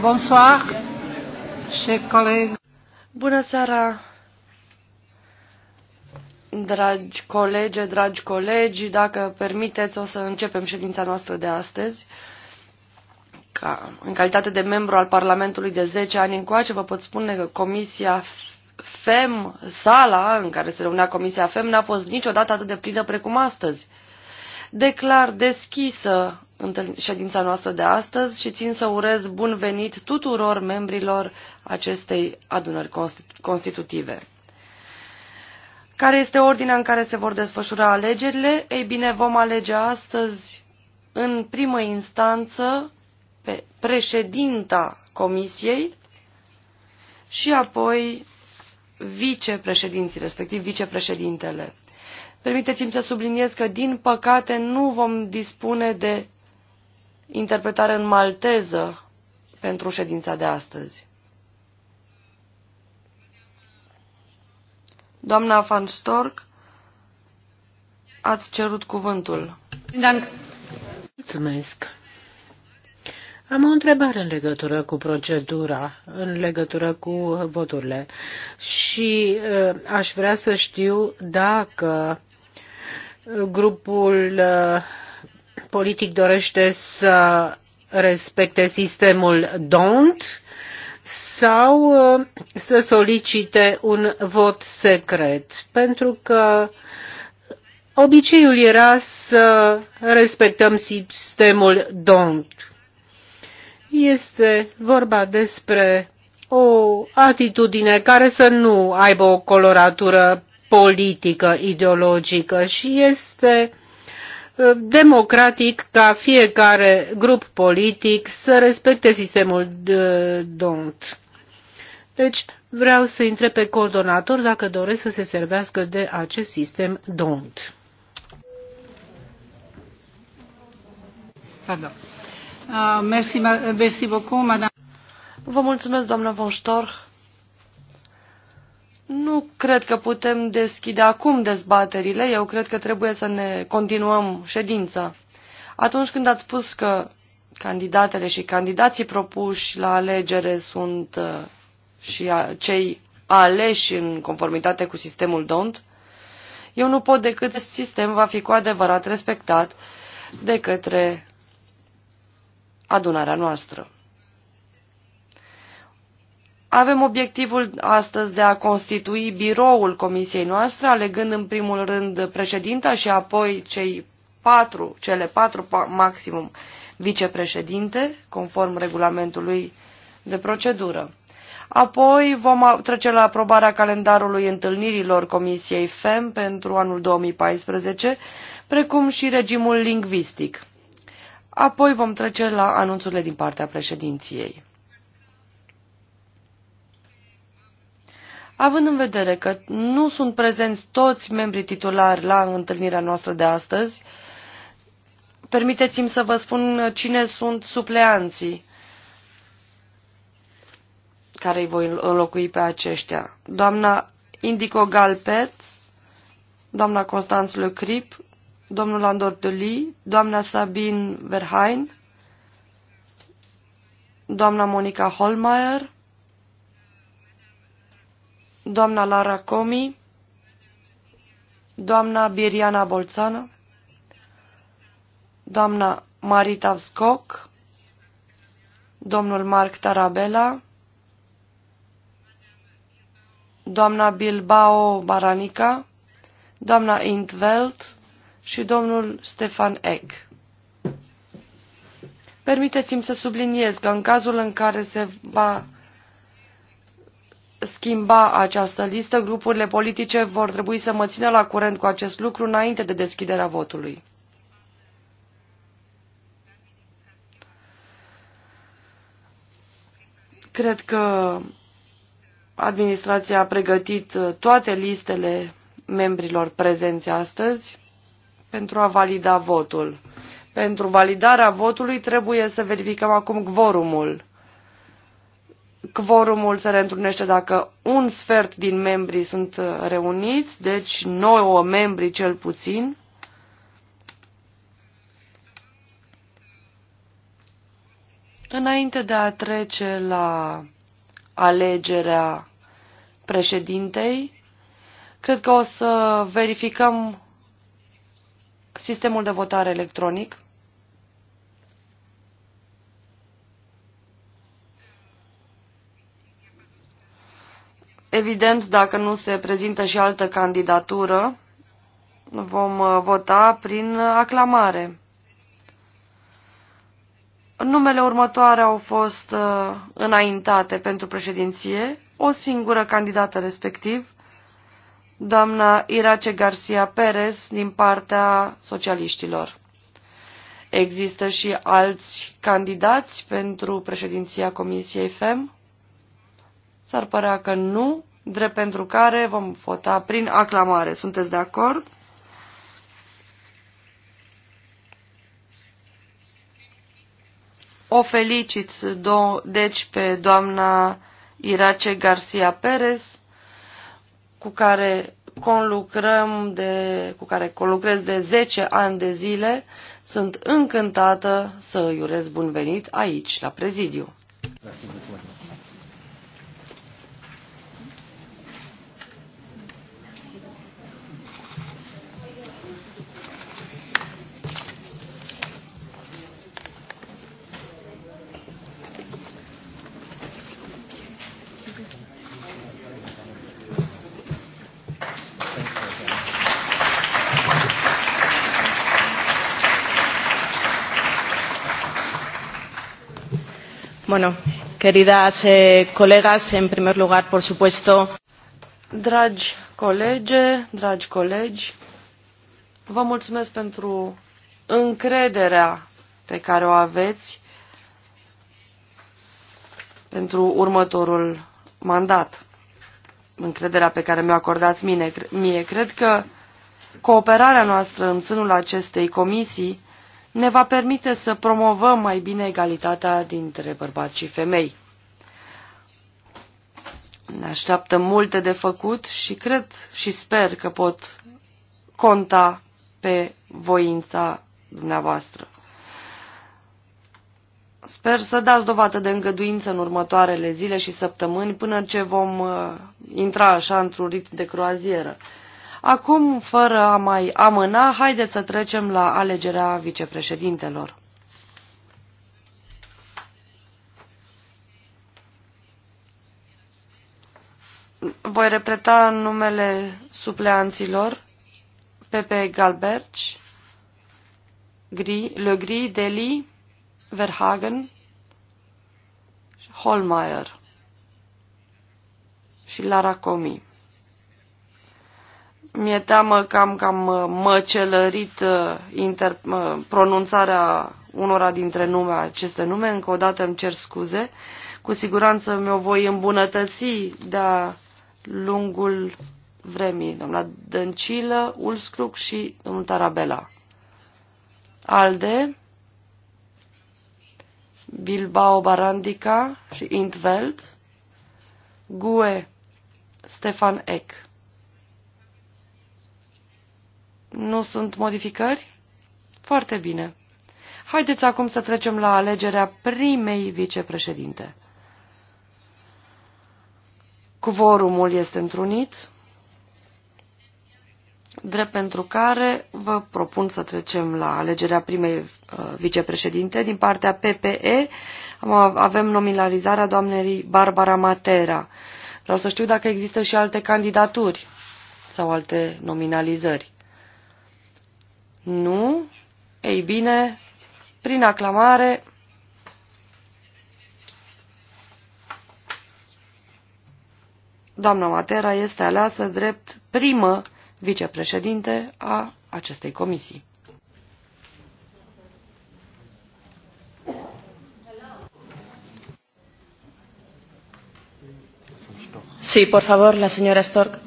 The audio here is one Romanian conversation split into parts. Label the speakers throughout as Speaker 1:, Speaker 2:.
Speaker 1: Bonsoir, Bună seara,
Speaker 2: dragi colege, dragi colegi. Dacă permiteți, o să începem ședința noastră de astăzi. Ca, în calitate de membru al Parlamentului de 10 ani încoace, vă pot spune că Comisia FEM, sala în care se reunea Comisia FEM, n-a fost niciodată atât de plină precum astăzi. Declar deschisă ședința noastră de astăzi și țin să urez bun venit tuturor membrilor acestei adunări constitutive. Care este ordinea în care se vor desfășura alegerile? Ei bine, vom alege astăzi, în primă instanță, pe președinta Comisiei și apoi vicepreședinții, respectiv vicepreședintele. Permiteți-mi să subliniez că, din păcate, nu vom dispune de interpretare în malteză pentru ședința de astăzi. Doamna Van Stork,
Speaker 1: ați cerut cuvântul. Mulțumesc. Am o întrebare în legătură cu procedura, în legătură cu voturile și uh, aș vrea să știu dacă grupul uh, politic dorește să respecte sistemul DONT sau uh, să solicite un vot secret, pentru că obiceiul era să respectăm sistemul DONT este vorba despre o atitudine care să nu aibă o coloratură politică, ideologică și este ă, democratic ca fiecare grup politic să respecte sistemul de DONT. Deci vreau să intre pe coordonator dacă doresc să se servească de acest sistem DONT. Pardon. Ah, Vă mulțumesc, doamnă
Speaker 2: Voștor. Nu cred că putem deschide acum dezbaterile. Eu cred că trebuie să ne continuăm ședința. Atunci când ați spus că candidatele și candidații propuși la alegere sunt uh, și cei aleși în conformitate cu sistemul DONT, eu nu pot decât sistem va fi cu adevărat respectat de către adunarea noastră. Avem obiectivul astăzi de a constitui biroul comisiei noastre, alegând în primul rând președinta și apoi cei patru, cele patru maximum vicepreședinte, conform regulamentului de procedură. Apoi vom trece la aprobarea calendarului întâlnirilor Comisiei FEM pentru anul 2014, precum și regimul lingvistic. Apoi vom trece la anunțurile din partea președinției. Având în vedere că nu sunt prezenți toți membrii titulari la întâlnirea noastră de astăzi, permiteți-mi să vă spun cine sunt supleanții care îi voi înlocui pe aceștia. Doamna Indico Galpet, doamna Constanț Lecrip, domnul Andor Tully, doamna Sabine Verhein, doamna Monica Holmeier, doamna Lara Comi, doamna Biriana Bolțană, doamna Marita Vscoc, domnul Marc Tarabella, doamna Bilbao Baranica, doamna Intveld, și domnul Stefan Eck. Permiteți-mi să subliniez că în cazul în care se va schimba această listă, grupurile politice vor trebui să mă țină la curent cu acest lucru înainte de deschiderea votului. Cred că administrația a pregătit toate listele membrilor prezenți astăzi pentru a valida votul. Pentru validarea votului trebuie să verificăm acum quorumul. Quorumul se reîntrunește dacă un sfert din membrii sunt reuniți, deci nouă membri cel puțin. Înainte de a trece la alegerea președintei, cred că o să verificăm sistemul de votare electronic. Evident, dacă nu se prezintă și altă candidatură, vom uh, vota prin aclamare. Numele următoare au fost uh, înaintate pentru președinție, o singură candidată respectiv, doamna Irace Garcia Perez din partea socialiștilor. Există și alți candidați pentru președinția Comisiei FEM? S-ar părea că nu, drept pentru care vom vota prin aclamare. Sunteți de acord? O felicit, deci, pe doamna Irace Garcia Perez cu care conlucrăm de, cu care conlucrez de 10 ani de zile, sunt încântată să îi urez bun venit aici, la prezidiu.
Speaker 1: Grazie,
Speaker 3: Bueno, queridas eh, colegas, en primer lugar, por supuesto. Dragi colege, dragi colegi,
Speaker 2: vă mulțumesc pentru încrederea pe care o aveți pentru următorul mandat. Încrederea pe care mi-o acordați mine, mie. Cred că cooperarea noastră în sânul acestei comisii ne va permite să promovăm mai bine egalitatea dintre bărbați și femei. Ne așteaptă multe de făcut și cred și sper că pot conta pe voința dumneavoastră. Sper să dați dovadă de îngăduință în următoarele zile și săptămâni până ce vom uh, intra așa într-un ritm de croazieră. Acum, fără a mai amâna, haideți să trecem la alegerea vicepreședintelor. Voi repeta numele supleanților. Pepe Galberci, Gri, Le Gri, Deli, Verhagen Holmeier și Lara Comi. Mi-e teamă că am cam uh, măcelărit uh, inter, uh, pronunțarea unora dintre nume, aceste nume. Încă o dată îmi cer scuze. Cu siguranță mi-o voi îmbunătăți de-a lungul vremii. Doamna Dăncilă, Ulscruc și domnul Tarabela. Alde, Bilbao Barandica și Intveld, Gue, Stefan Eck. Nu sunt modificări? Foarte bine. Haideți acum să trecem la alegerea primei vicepreședinte. Cuvorumul este întrunit, drept pentru care vă propun să trecem la alegerea primei uh, vicepreședinte. Din partea PPE avem nominalizarea doamnei Barbara Matera. Vreau să știu dacă există și alte candidaturi sau alte nominalizări. Nu? Ei bine, prin aclamare... Doamna Matera este aleasă drept primă vicepreședinte a acestei comisii.
Speaker 3: Sí, por favor, la señora Stork.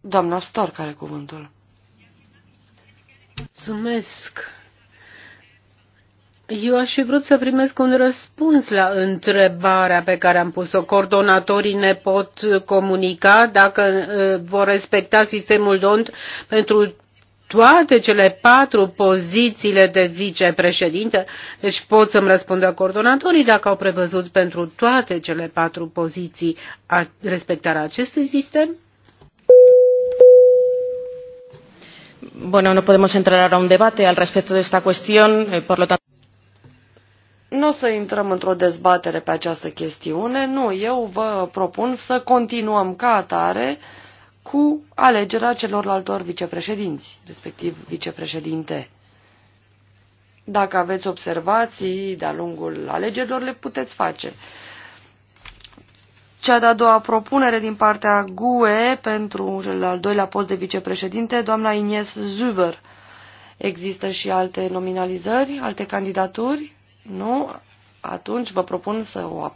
Speaker 3: Doamna Stork are cuvântul.
Speaker 1: Mulțumesc. Eu aș fi vrut să primesc un răspuns la întrebarea pe care am pus-o. Coordonatorii ne pot comunica dacă uh, vor respecta sistemul DONT pentru toate cele patru pozițiile de vicepreședinte. Deci pot să-mi răspundă coordonatorii dacă au prevăzut pentru toate cele patru poziții respectarea acestui sistem?
Speaker 3: bueno, no podemos entrar ahora a un debate al respecto de esta cuestión, eh, por lo tanto.
Speaker 2: Nu o să intrăm într-o dezbatere pe această chestiune, nu, eu vă propun să continuăm ca atare cu alegerea celorlaltor vicepreședinți, respectiv vicepreședinte. Dacă aveți observații de-a lungul alegerilor, le puteți face. Cea de-a doua propunere din partea GUE pentru cel al doilea post de vicepreședinte, doamna Ines Zuber. Există și alte nominalizări, alte candidaturi? Nu? Atunci vă propun să o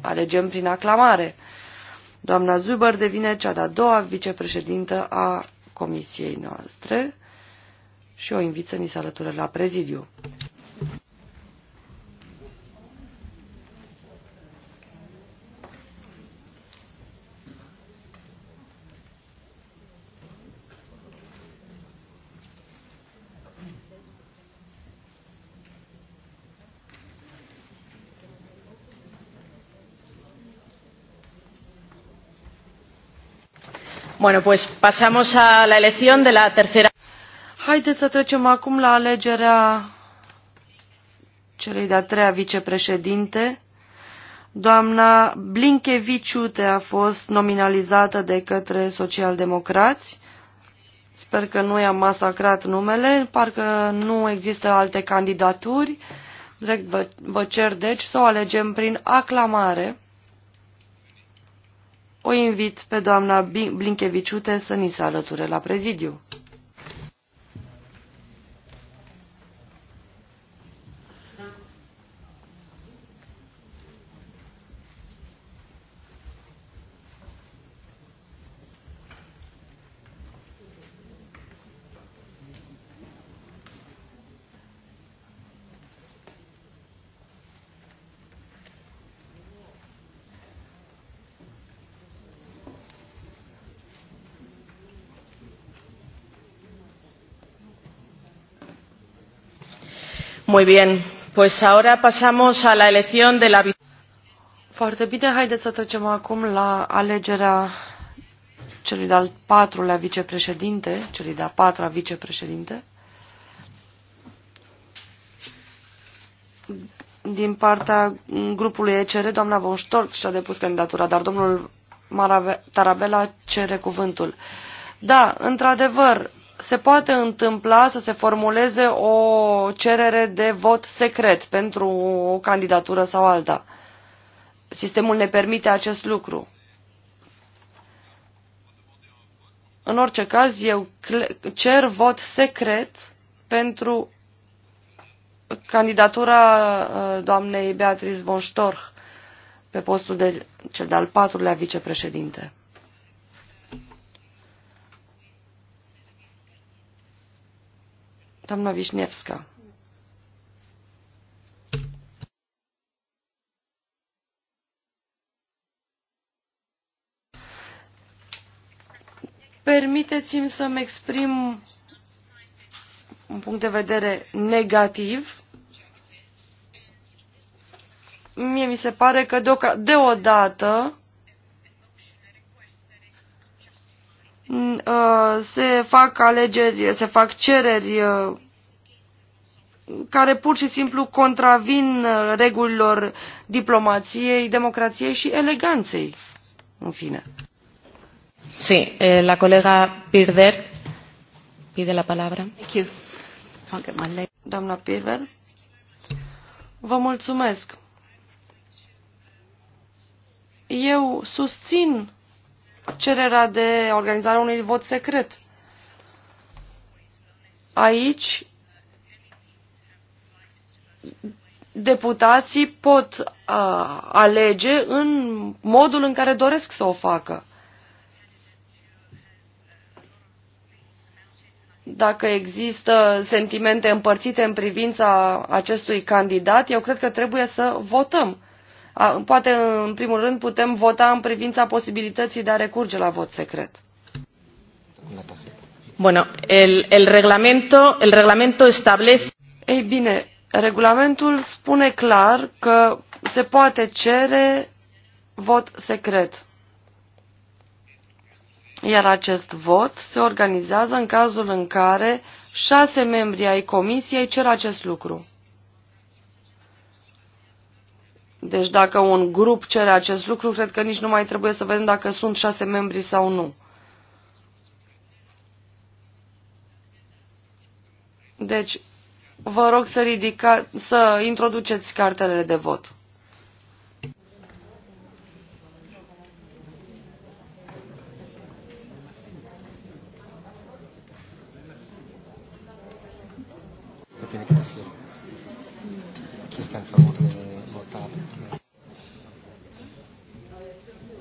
Speaker 2: alegem prin aclamare. Doamna Zuber devine cea de-a doua vicepreședintă a comisiei noastre și o invit să ni se alăture la prezidiu.
Speaker 3: de la Haideți să trecem acum la alegerea
Speaker 2: celei de-a treia vicepreședinte. Doamna Blinkeviciute a fost nominalizată de către socialdemocrați. Sper că nu i-am masacrat numele, parcă nu există alte candidaturi. Drept vă, vă cer, deci, să o alegem prin aclamare. O invit pe doamna Blinkeviciute să ni se alăture la prezidiu.
Speaker 3: Muy bien, pues ahora pasamos a la elección de la Foarte bine, haideți să trecem acum
Speaker 2: la alegerea celui de-al patrulea vicepreședinte, celui de-a patra vicepreședinte. Din partea grupului ECR, doamna Von Storch și-a depus candidatura, dar domnul Marave Tarabela cere cuvântul. Da, într-adevăr, se poate întâmpla să se formuleze o cerere de vot secret pentru o candidatură sau alta. Sistemul ne permite acest lucru. În orice caz, eu cer vot secret pentru candidatura uh, doamnei Beatrice von Storch pe postul de cel de-al patrulea vicepreședinte. Doamna Vișnevska. Permiteți-mi să-mi exprim un punct de vedere negativ. Mie mi se pare că deodată Uh, se fac alegeri, se fac cereri uh, care pur și simplu contravin uh, regulilor diplomației, democrației și eleganței,
Speaker 3: în fine. Sí, eh, la colega Pirder pide la palabra. Thank you. Doamna Pirder,
Speaker 2: vă mulțumesc. Eu susțin cererea de organizarea unui vot secret. Aici, deputații pot uh, alege în modul în care doresc să o facă. Dacă există sentimente împărțite în privința acestui candidat, eu cred că trebuie să votăm. Poate, în primul rând, putem vota în privința posibilității de a recurge la vot secret. Bueno, el, el, reglamento, el reglamento establece... Ei bine, regulamentul spune clar că se poate cere vot secret. Iar acest vot se organizează în cazul în care șase membri ai comisiei cer acest lucru. Deci dacă un grup cere acest lucru, cred că nici nu mai trebuie să vedem dacă sunt șase membri sau nu. Deci, vă rog să, ridica, să introduceți cartelele de vot.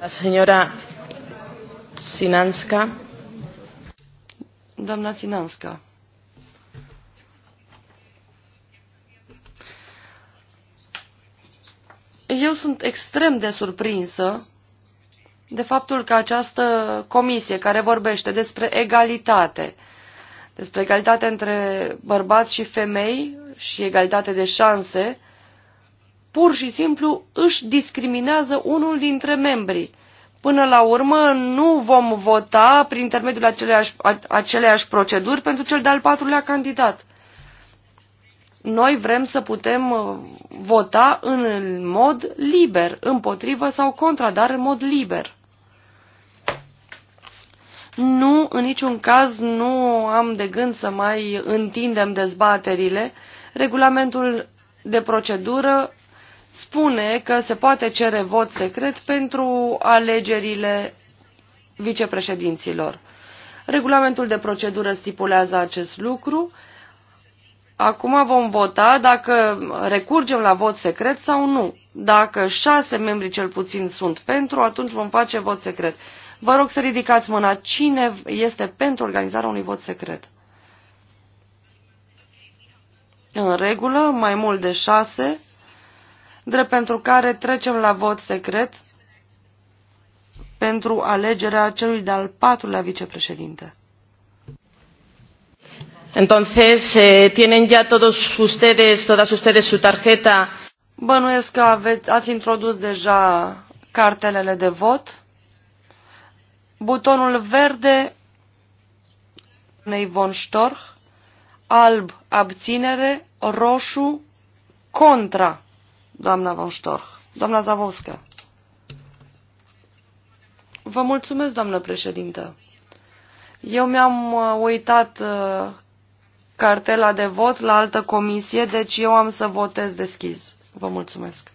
Speaker 3: La Sinanska. Doamna
Speaker 2: Sinanska. Eu sunt extrem de surprinsă de faptul că această comisie care vorbește despre egalitate, despre egalitate între bărbați și femei și egalitate de șanse, pur și simplu își discriminează unul dintre membrii. Până la urmă, nu vom vota prin intermediul aceleași, aceleași proceduri pentru cel de-al patrulea candidat. Noi vrem să putem uh, vota în mod liber, împotrivă sau contra, dar în mod liber. Nu, în niciun caz, nu am de gând să mai întindem dezbaterile. Regulamentul de procedură spune că se poate cere vot secret pentru alegerile vicepreședinților. Regulamentul de procedură stipulează acest lucru. Acum vom vota dacă recurgem la vot secret sau nu. Dacă șase membri cel puțin sunt pentru, atunci vom face vot secret. Vă rog să ridicați mâna. Cine este pentru organizarea unui vot secret? În regulă, mai mult de șase drept pentru care trecem la vot secret pentru alegerea celui de-al patrulea vicepreședinte.
Speaker 3: Entonces, eh, tienen ya todos ustedes, todas ustedes su tarjeta.
Speaker 2: Bănuiesc că aveți, ați introdus deja cartelele de vot. Butonul verde unei von Storch, alb abținere, roșu contra doamna Von Storch. Doamna Zavosca. Vă mulțumesc, doamnă președintă. Eu mi-am uh, uitat uh, cartela de vot la altă comisie, deci eu am să votez deschis. Vă mulțumesc.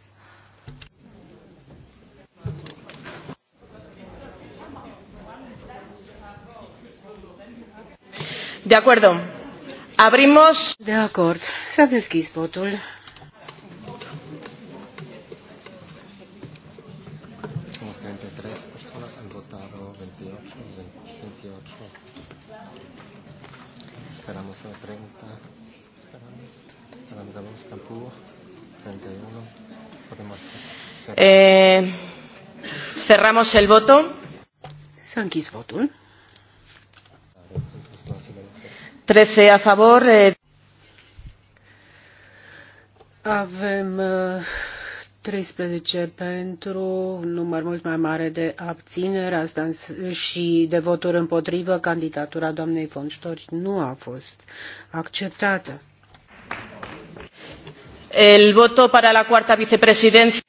Speaker 3: De acuerdo. Abrimos. De acord. S-a deschis votul. Cerramos el voto. S-a închis votul. 13 a favor. Eh,
Speaker 1: Avem 13 eh, pentru, un număr mult mai mare de abținere asta și de voturi împotrivă. Candidatura doamnei Fonstori nu a fost acceptată. El voto para la cuarta vicepresidencia.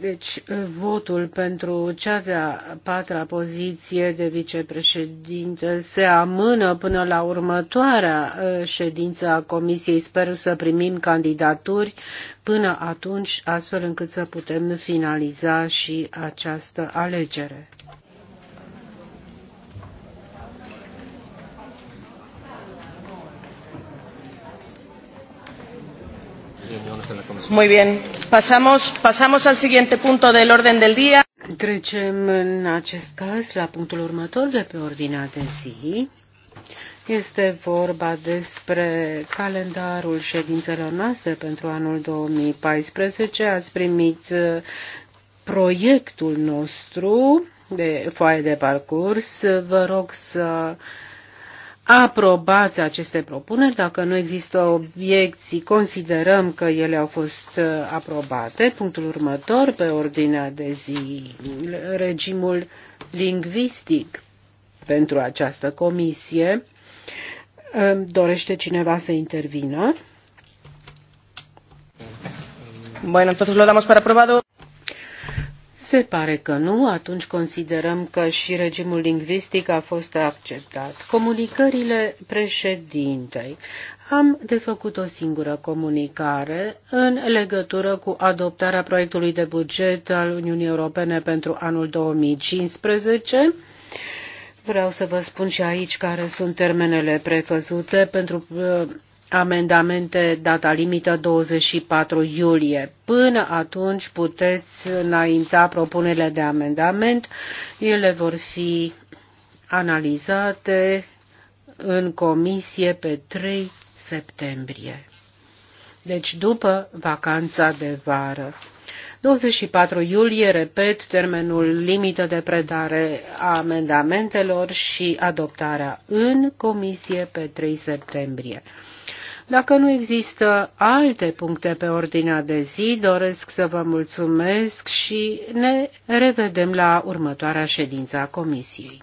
Speaker 1: Deci, votul pentru cea de-a patra poziție de vicepreședinte se amână până la următoarea ședință a Comisiei. Sper să primim candidaturi până atunci, astfel încât să putem finaliza și această alegere.
Speaker 3: Muy bien. Pasamos, al siguiente punto del orden del día.
Speaker 1: Trecem în acest caz la punctul următor de pe ordinea de zi. Este vorba despre calendarul ședințelor noastre pentru anul 2014. Ați primit uh, proiectul nostru de foaie de parcurs. Vă rog să aprobați aceste propuneri. Dacă nu există obiecții, considerăm că ele au fost uh, aprobate. Punctul următor pe ordinea de zi, regimul lingvistic pentru această comisie. Uh, dorește cineva să intervină? Bueno, entonces lo damos para aprobado. Se pare că nu, atunci considerăm că și regimul lingvistic a fost acceptat. Comunicările președintei. Am de făcut o singură comunicare în legătură cu adoptarea proiectului de buget al Uniunii Europene pentru anul 2015. Vreau să vă spun și aici care sunt termenele prevăzute pentru uh, amendamente data limită 24 iulie. Până atunci puteți înainta propunerile de amendament. Ele vor fi analizate în comisie pe 3 septembrie. Deci după vacanța de vară. 24 iulie, repet, termenul limită de predare a amendamentelor și adoptarea în comisie pe 3 septembrie. Dacă nu există alte puncte pe ordinea de zi, doresc să vă mulțumesc și ne revedem la următoarea ședință a Comisiei.